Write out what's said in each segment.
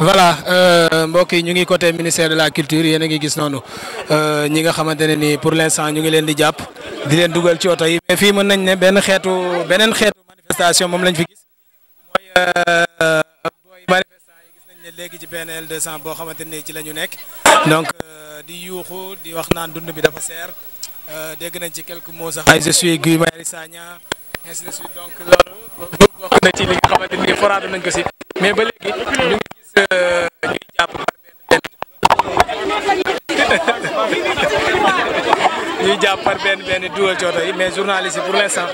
voilà euh, mbokk yi ñu ngi côté ministère de la culture yéen a ngi gis noonu euh, ñi nga xamante ne ni pour l'instant ñu ngi leen di jàpp di leen dugal ci oto yi mais fii mën nañ ne benn xeetu beneen xeetu manifestation moom lañ fi gis mooy booy euh, manifestant yi gis nañ ne léegi ci PNL 200 boo xamante ni ci la ñu nekk donc di yuuxu di wax naan dund bi dafa seer dégg nañ ci quelques sax ay je suis Guy Marius donc loolu ci li foraatu nañ ko si mais ba léegi ñuy jàpp par benn benn dugal cooto yi mais journaliste yi pour l'instant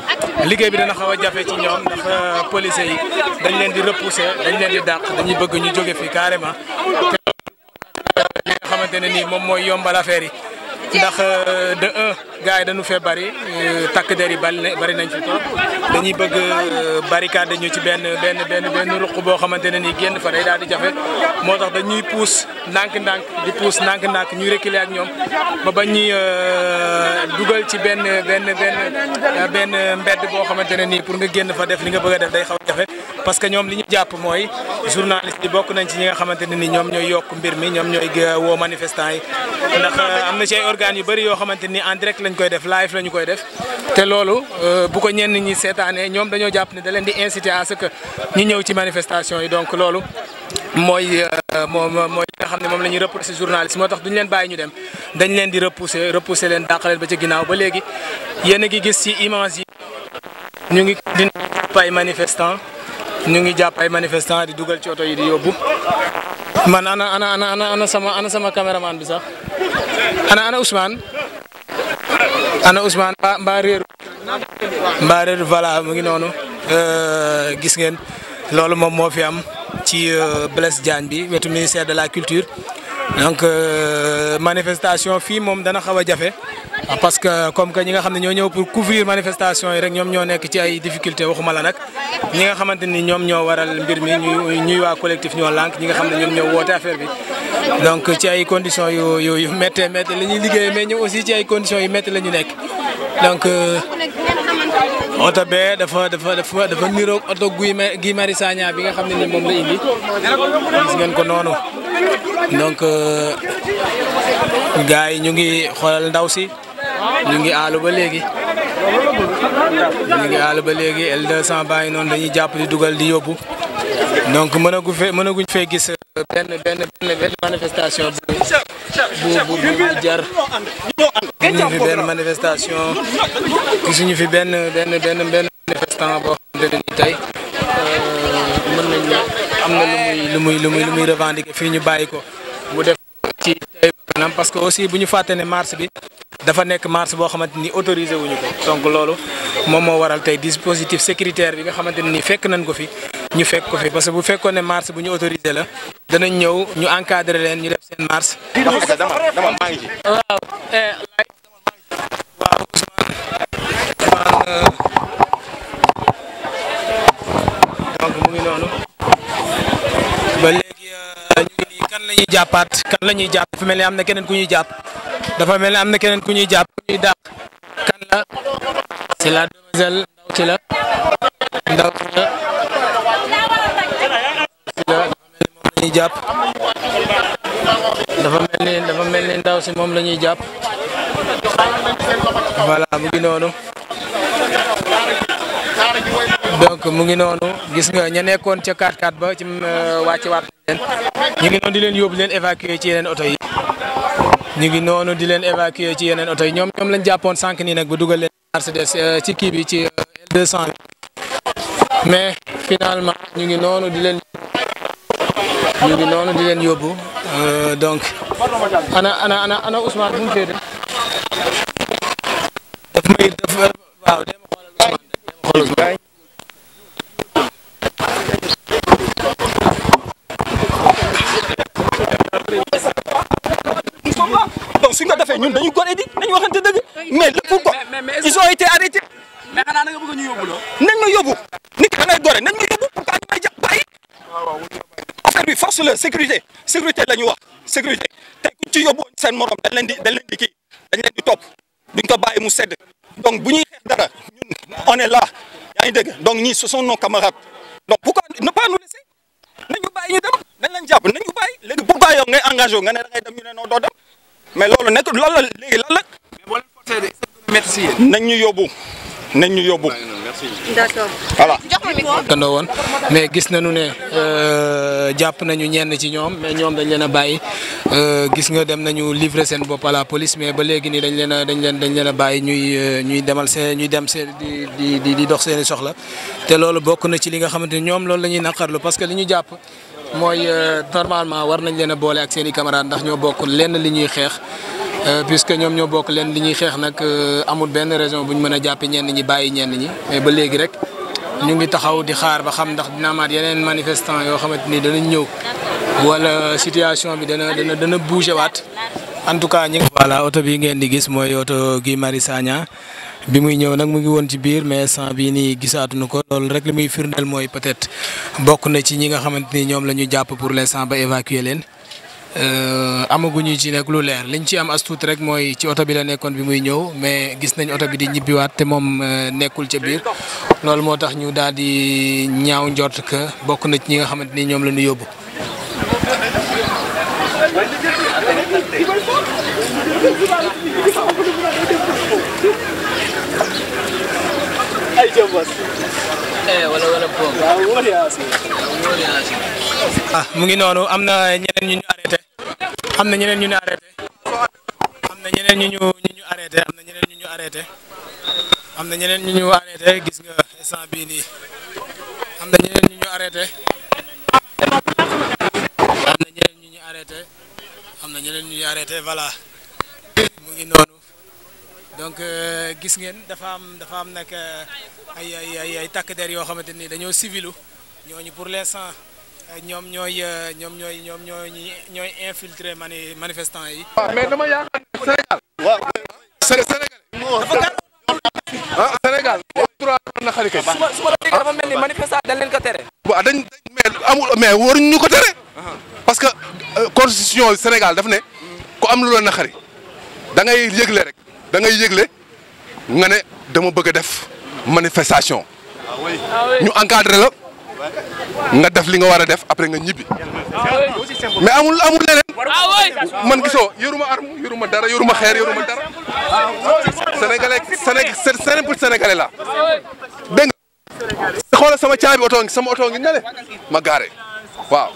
liggéey bi dana xaw a jafe ci ñoom ndax euh, policiers yi dañ leen di repousser dañ leen di dàq dañuy bëgg ñu jóge fii carrément te li nga ne nii moom mooy yombal affaire yi ndax euh, de un gars yi dañu fee bari euh, takk der yi bari nañ fi toog dañuy bëgg euh, barricade ñu ci benn benn benn benn ruq boo xamante ne nii génn fa day daal di jafe moo tax dañuy puus ndànk-ndànk di puus ndànk-ndànk ñuy reculer ak ñoom ba ba ñuy euh, dugal ci benn benn benn benn mbedd boo xamante ne nii pour nga génn fa def li nga bëgg a def day xaw a jafe parce que ñoom li ñu jàpp mooy journaliste yi bokk nañ ci ñi nga xamante ne nii ñoom ñooy yokk mbir mi ñoom ñooy woo manifestant yi ndax am na ci ay organes yu bari yoo xamante lañ koy def live la ñu koy def te loolu euh, bu ko ñenn ñi seetaanee ñoom dañoo jàpp ne da leen di inciter à ce que ñu ñëw ci manifestation yi donc loolu mooy euh, moom mooy nga xam ne moom la ñuy repousser journaliste moo tax duñu leen bàyyi ñu dem dañ leen di repousser repousser leen dàq ba ci ginnaaw ba léegi yéen a ngi gis ci image yi ñu ngi di manifestant ñu ngi jàpp ay manifestant di dugal ci oto yi di yóbbu man ana ana ana ana sama ana sama caméraman bi sax ana ana Ousmane ana Ousmane mbaa réer mbaa réer voilà mu ngi noonu euh, gis ngeen loolu moom moo fi am ci euh, Blaise Diagne bi wetu ministère de la culture donc euh, manifestation fii moom dana xaw a jafe parce que comme que ñi nga xam ne ñoo ñëw pour couvrir manifestation yi rek ñoom ñoo nekk ci ay difficulté waxuma la nag ñi nga xamante ni ñoom ñoo waral mbir mi ñuy ñuy waa collectif ñoo lànk ñi nga xam ne ñoom ñoo woote affaire bi donc ci ay condition yu yu yu méttee méttee la liggéey mais ñoom aussi ci ay conditions yu méttee la ñu nekk donc euh, oto bee dafa dafa dafa dafa niroog oto guy Guy Marius bi nga xam ne ni moom la indi gis ngeen ko noonu donc euh, gars yi ñu ngi xoolal ndaw si ñu ngi aalu ba léegi ñu ngi aalu ba léegi L200 baa ngi noonu dañuy jàpp di dugal di yóbbu donc mënagu fee mënaguñ fee gis. benn benn benn manifestation bu bu bu jar gisuñu fi benn manifestation gisuñu fi benn benn benn benn manifestant boo xamante ne tey euh, mën nañu am na lu muy lu muy lu muy lu muy revendiquer fii ñu bàyyi ko mu def kanam parce que aussi bu ñu fàtte ne marche bi dafa nekk marche boo xamante ni autorisé wuñu ko donc loolu moom moo waral tey dispositif sécuritaire bi nga xamante ni fekk nañ ko fi ñu fekk ko fi parce que bu fekkoon ne marche bu ñu autorisé la danañ ñëw ñu encadré leen ñu def seen marche. waaw. Eh, euh, donc mu ngi noonu. jàppaat kan la jàpp dafa mel ni am na keneen ku ñuy jàpp dafa mel ni am na keneen ku ñuy jàpp la c'est la demoiselle ndaw si la ndaw moom la ñuy jàpp dafa mel ni dafa mel ni si moom la ñuy jàpp voilà mu ngi noonu donc mu ngi noonu gis nga ña nekkoon ca 4-4 ba ci euh, wàcce waat leen ñu ngi noonu di leen yóbbu leen évacuer ci yeneen oto yi ñu ngi noonu di leen évacuer ci yeneen oto yi ñoom ñoom lañ jàppoon sànq nii nag ba dugal leen Mercedes euh, ci kii bi ci euh, L200 bi mais finalement ñu ngi noonu di leen ñu di leen yóbbu euh, donc ana ana ana Ousmane bu mu féete defee ñun dañu góor éthique dañu waxante dëgg mais lépp ko ils ont été arrêtés. mais xanaa na nga bëgg loo. nañ ma yóbbu nit ki da gore nañ ma pour que ñu may jàpp bàyyi. force la sécurité sécurité la ñu wax sécurité te kuñ ci yóbbu seen morom dañ leen di dañ leen di kii dañ leen di topp duñ ko bàyyi mu sedd donc bu ñuy xeex dara ñun on est là yaa ngi dégg donc ñii ce sont nos camarades donc pourquoi ne pas nous laisser nañu bàyyi ñu dem dañ leen jàpp nañu bàyyi léegi pourquoi yow ngay nga ne da ngay ñu ne noo doo dem. mais loolu nekkul lan la léegi lan la. nañ ñu yóbbu nañ ñu yóbbu. d'accord voilà. woon mais gis nañu ne euh, jàpp nañu ñenn ci ñoom mais ñoom dañ leen a bàyyi euh, gis nga dem nañu livrer seen bopp la police mais ba léegi nii dañ leen dañ leen dañ leen a bàyyi ñuy euh, ñuy demal seen ñuy dem seen di di di dox seeni soxla te loolu bokk na ci li nga xamante ni ñoom loolu la ñuy naqarlu parce que li ñu jàpp. mooy euh, normalement war nañ leen a boole ak seen i camarades ndax ñoo bokk lenn li ñuy xeex euh, puisque ñoom ñoo bokk lenn li ñuy xeex nag euh, amul benn raison bu ñu mën a jàppe ñenn ñi bàyyi ñenn ñi mais ba léegi rek ñu ngi taxaw di xaar ba xam ndax dina amaat yeneen manifestant yoo xamante ni danañ ñëw wala situation bi dana dana dana bouger waat en tout cas ñu voilà oto bi ngeen di gis mooy oto Guy Marius Sagna bi muy ñëw nag mu ngi woon ci biir mais sans bii nii gisaatuñu ko loolu rek li muy firndeel mooy peut-être bokk na ci ñi nga xamante ni ñoom la ñu jàpp pour l'instant ba évacuer leen. Euh, amaguñu ci nag lu leer liñ ci am as tuut rek mooy ci oto bi la nekkoon bi muy ñëw mais gis nañ oto bi di ñibbiwaat te moom euh, nekkul ca biir loolu moo tax ñu daal di ñaaw njort que bokk na ci ñi nga xamante ni ñoom la ñu yóbbu. Ai jambas. Eh wala wala boobu. Waaw wóor yaa Ah mu ngi noonu am na ñeneen ñu ñu arrêté. Am ñeneen ñu ñu arrêté. Am na ñeneen ñu ñu ñu Am na ñeneen ñu ñu arrêté. Am na ñeneen ñu ñu arrêté gis nga instant bii nii. na ñeneen ñu ñu arrêté. Am na ñeneen ñu ñu arrêté. Am na ñeneen ñu ngi noonu donc euh, gis ngeen dafa am dafa am nag euh, ay ay ay takk der yoo xamante ni dañoo civilu ñooñu pour l'instant euh, ñoom ñooy ñoom ñooy ñoom ñooy ñooy infiltrer mani manifestant yi. Ah, mais dama yaakaar ne Sénégal. waaw Sénégal. Ah, Sénégal. dafa mel ni manifestant dañ leen ko tere. waaw dañ mais amul mais waruñu ko tere. parce que constitution Sénégal daf ne ku am lu la naxari. da ngay yëgle rek da ngay yëgle nga ne dama bëgg a def manifestation ñu encadré la nga def li nga war a def après nga ñibbi mais amul amul leneen man gisoo yoruma arme yoruma dara yoruma xeer yoruma dara sénégalais sénégalais sénégalais la dégg nga xoolal sama caabi oto ngi sama oto nga nale ma gaare waaw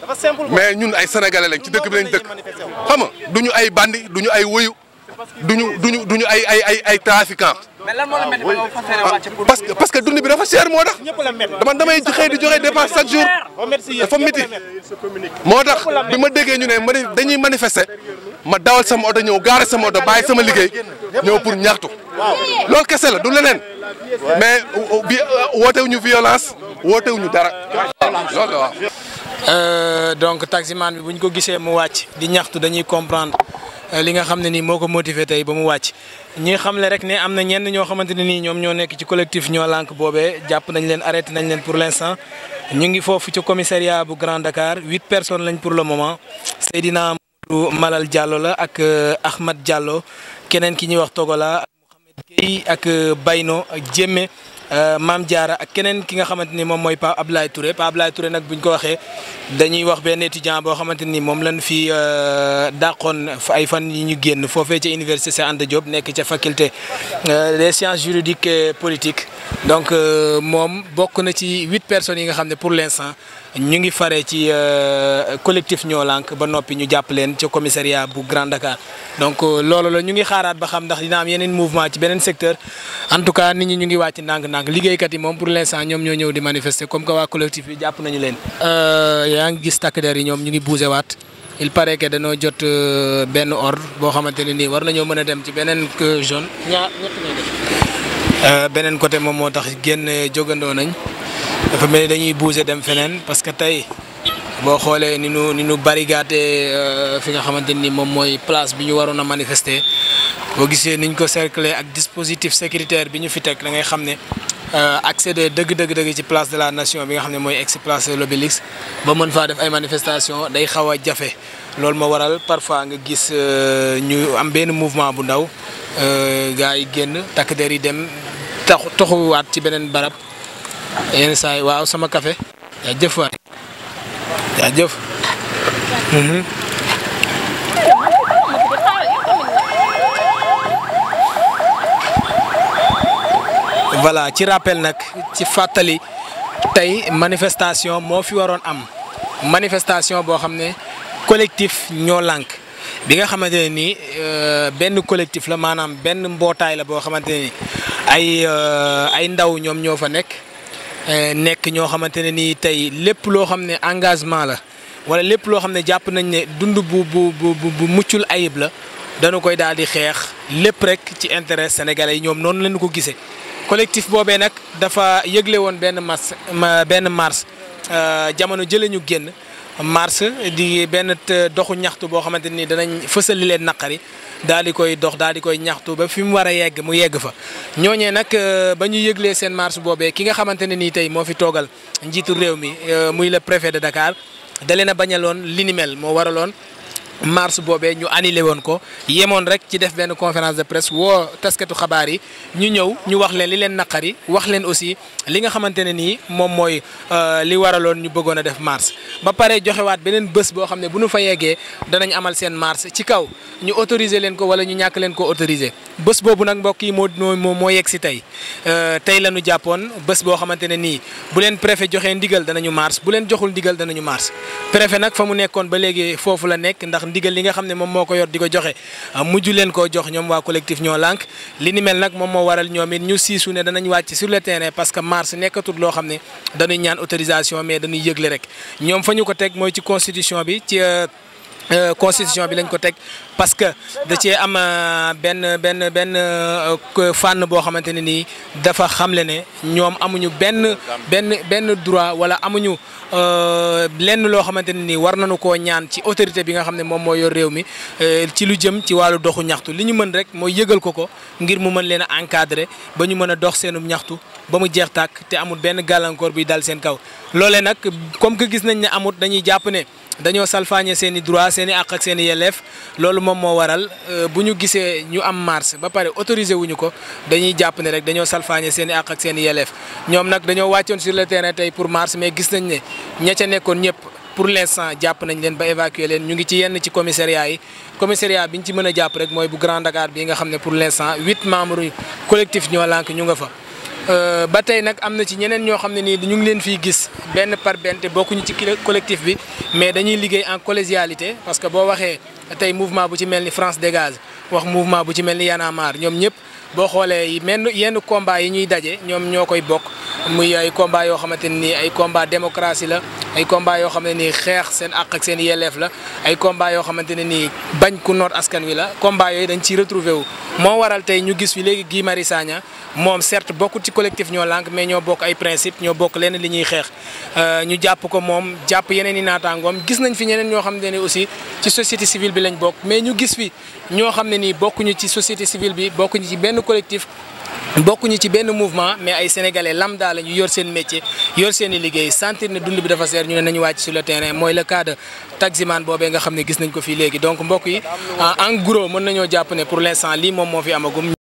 mais ñun ay senegale lañ ci dëkk bi lañ dëkk xam du ñu ay bandi ñu ay woyu duñu duñu duñu ñu ay ñu ay trafiquant. mais lan moo la métti ba nga fas yéene parce que parce que dund bi dafa cher moo tax. dama damay xëy di joxe dépense chaque jour. dafa métti moo tax bi ma déggee ñu ne dañuy manifester ma dawal sama oto ñëw gaare sama oto bàyyi sama liggéey ñëw pour ñaxtu. loolu kese la du leneen mais bi euh, wootewuñu violence wootewuñu dara loolu la waaw. Euh, donc taximan bi bu ñu ko gisee mu wàcc di ñaxtu dañuy comprendre. li nga xam ne nii moo ko motivé tey ba mu wàcc ñi xam le rek ne am na ñenn ñoo xamante ne nii ñoom ñoo nekk ci collectif ñoo lànk boobee jàpp nañ leen arrêté nañ leen pour l'instant ñu ngi foofu ci commissariat bu Grand Dakar huit personnes lañ pour le moment Seydina Mamadou Malal Diallo la ak euh, Ahmad jàllo keneen ki ñuy wax Togola ak Mouhamed Gueye ak euh, Bayno ak Jémé Euh, Maam Diarra ak keneen ki nga xamante ni moom mooy Pa Ablaye Touré Pa Ablaye Touré nag bu ñu ko waxee dañuy wax benn étudiant boo xamante ni moom lañ fi euh, dàqoon ay fan yi ñu génn foofee ca université Cheikh Anta Diop nekk ca faculté euh, des sciences juridiques et politiques donc moom bokk na ci huit personnes yi nga xam ne pour l'instant ñu ngi faree ci euh, collectif ñoo lank ba noppi ñu jàpp leen ca commissariat bu Grand Dakar donc euh, loolu la ñu ngi xaaraat ba xam ndax dina am yeneen mouvement ci beneen secteur en tout cas nit ñi ñu ngi wàcc ndànk-ndànk liggéeykat yi moom pour l'instant ñoom ñoo ñëw di manifester comme que waa collectif bi jàpp nañu leen. Euh, yaa ngi gis takk der yi ñoom ñu ngi bougé waat il paraît que dañoo jot benn ordre boo xamante ne nii war nañoo mën a dem ci beneen zone. ñaar beneen côté moom moo tax génn jogandoo nañ. dafa mel ni dañuy bouger dem feneen parce que tey boo xoolee ni nu ni ñu barrigaatee euh, fi nga xamante ni moom mooy place bi ñu waroon a manifester boo gisee niñ ko cercler ak dispositif sécuritaire bi ñu fi teg da ngay xam ne euh, accéder dëgg dëgg dëgg ci place de la nation bi nga xam ne mooy ex place de l'Obélisque ba mën faa def ay manifestation day xaw a jafe loolu moo waral parfois nga gis euh, ñu am benn mouvement bu ndaw gars yi génn takk der yi dem taxu taxuwaat ci beneen barab. yenn yi waaw sama kafe yaa jëf waay yaa jëf mm-hmm. voilà ci rappel nag ci fàttali tey manifestation moo fi waroon am manifestation boo xam ne collectif ñoo lànk bi nga xamante ne nii euh, benn collectif la maanaam benn mbootaay la boo xamante ni nii ay euh, ay ndaw ñoom ñoo fa nekk. Eh, nekk ñoo xamante ne nii tey lépp loo xam ne engagement la wala lépp loo xam ne jàpp nañ ne dund bu bu bu bu muccul ayib la dañu koy daal di xeex lépp rek ci intérêt sénégalais yi ñoom noonu lañu ko gisee. collectif boobee nag dafa yëgle woon benn mars benn mars euh, jamono jëlee ñu génn mars di benn euh, doxu ñaxtu boo xamante ni danañ fësal li leen naqari. daal di koy dox daal di koy ñaxtu ba fi mu war a yegg mu yegg fa ñooñee nag euh, ba ñu yëglee seen marche boobee ki nga xamante ne nii tey moo fi toogal njiitu réew mi euh, muy le préfet de Dakar da leen a bañaloon li ni mel moo waraloon mars boobee ñu annulé woon ko yemoon rek ci def benn conférence de presse woo taskatu xabaar yi ñu ñëw ñu wax leen li leen naqari wax leen aussi li nga xamante ne nii moom mooy euh, li waraloon ñu bëggoon a def mars. ba pare joxewaat beneen bës boo xam ne bu ñu fa yeggee danañ amal seen mars ci kaw ñu autoriser leen ko wala ñu ñàkk leen ko autoriser bës boobu nag mbokk yi moo moo moo yegg si tey euh, tey la jàppoon bës boo xamante ne nii bu leen préfet joxe ndigal danañu mars bu leen joxul ndigal danañu mars préfet la nekk ndax ndigal li nga xam ne moom moo ko yor di ko joxe ah, mujj leen koo jox ñoom waa collectif ñoo lànk li ni mel nag moom moo waral ñoom it ñu siisu ne danañ wàcc sur le terrain parce mars nekkatul loo xam ne dañuy ñaan autorisation mais dañuy yëgle rek ñoom fa ñu ko teg mooy ci constitution bi ci euh, Euh, constitution bi lañ ko teg parce que da cee am euh, benn benn benn euh, fànn boo xamante ne nii dafa xamle ne ñoom amuñu benn benn benn droit wala amuñu lenn loo xamante ne nii war nañu ko ñaan ci autorité bi nga xam ne moom moo yor réew mi ci lu jëm ci wàllu doxu ñaxtu li ñu mën rek mooy yëgal ko ko ngir mu mën leen a encadrer ba ñu mën a dox seenu ñaxtu ba mu jeex tàkk te amul benn gàllankoor bi dal seen kaw loole nag comme que gis nañ ne amut dañuy jàpp ne. dañoo salfaañe seeni i droit seen i ak seen i loolu moom moo waral euh, bu ñu gisee ñu am marche ba pare autorisé wuñu ko dañuy jàpp ni rek dañoo salfaañe seen i ak seen i ñoom nag dañoo wàccoon sur le terrain tey pour marche mais gis nañ ne ña ca nekkoon ñëpp pour l'instant jàpp nañ leen ba évacuer leen ñu ngi ci yenn ci commissariat yi commissariat bi ñu ci mën a jàpp rek mooy bu Grand Dakar bi nga xam ne pour l'instant huit membres collectif ñoo lànk ñu nga fa Euh, ba tey nag am na ci ñeneen ñoo xam ne nii ñu ngi leen fiy gis benn par benn te bokkuñu ci collectif bi mais dañuy liggéey en collégialité parce que boo waxee tey mouvement bu ci mel ni France Dégage wax mouvement bu ci mel ni Y'en ñoom ñëpp. boo xoolee menn yenn combat yi ñuy daje ñoom ñoo koy bokk muy ay combat yoo xamante nii ay combat démocratie la ay combat yoo xam ne nii xeex seen àq ak seen yelleef la ay combat yoo xamante ne nii bañ ku noot askan wi la combat yooyu dañ ciy retrouver wu moo waral tey ñu gis fi léegi gii Marius Sagna moom certes bokkul ci collectif ñoo lànk mais ñoo bokk ay principe ñoo bokk lenn li ñuy xeex euh, ñu jàpp ko moom jàpp yeneen i naataangoom gis nañ fi ñeneen ñoo xam ne aussi ci société civile bi lañ bokk mais ñu gis fi ñoo xam ne nii bokkuñu ci société civile bi bokkuñu ci benn benn collectif bokkuñu ci benn mouvement mais ay sénégalais lambda la ñu yor seen métier yor seen i liggéey sentir ne dund bi dafa seer ñu ne nañu wàcc sur le terrain mooy le cas de boobee nga xam ne gis nañ ko fii léegi donc mbokk yi en gros mën nañoo jàpp ne pour l'instant lii moom moo fi amagum.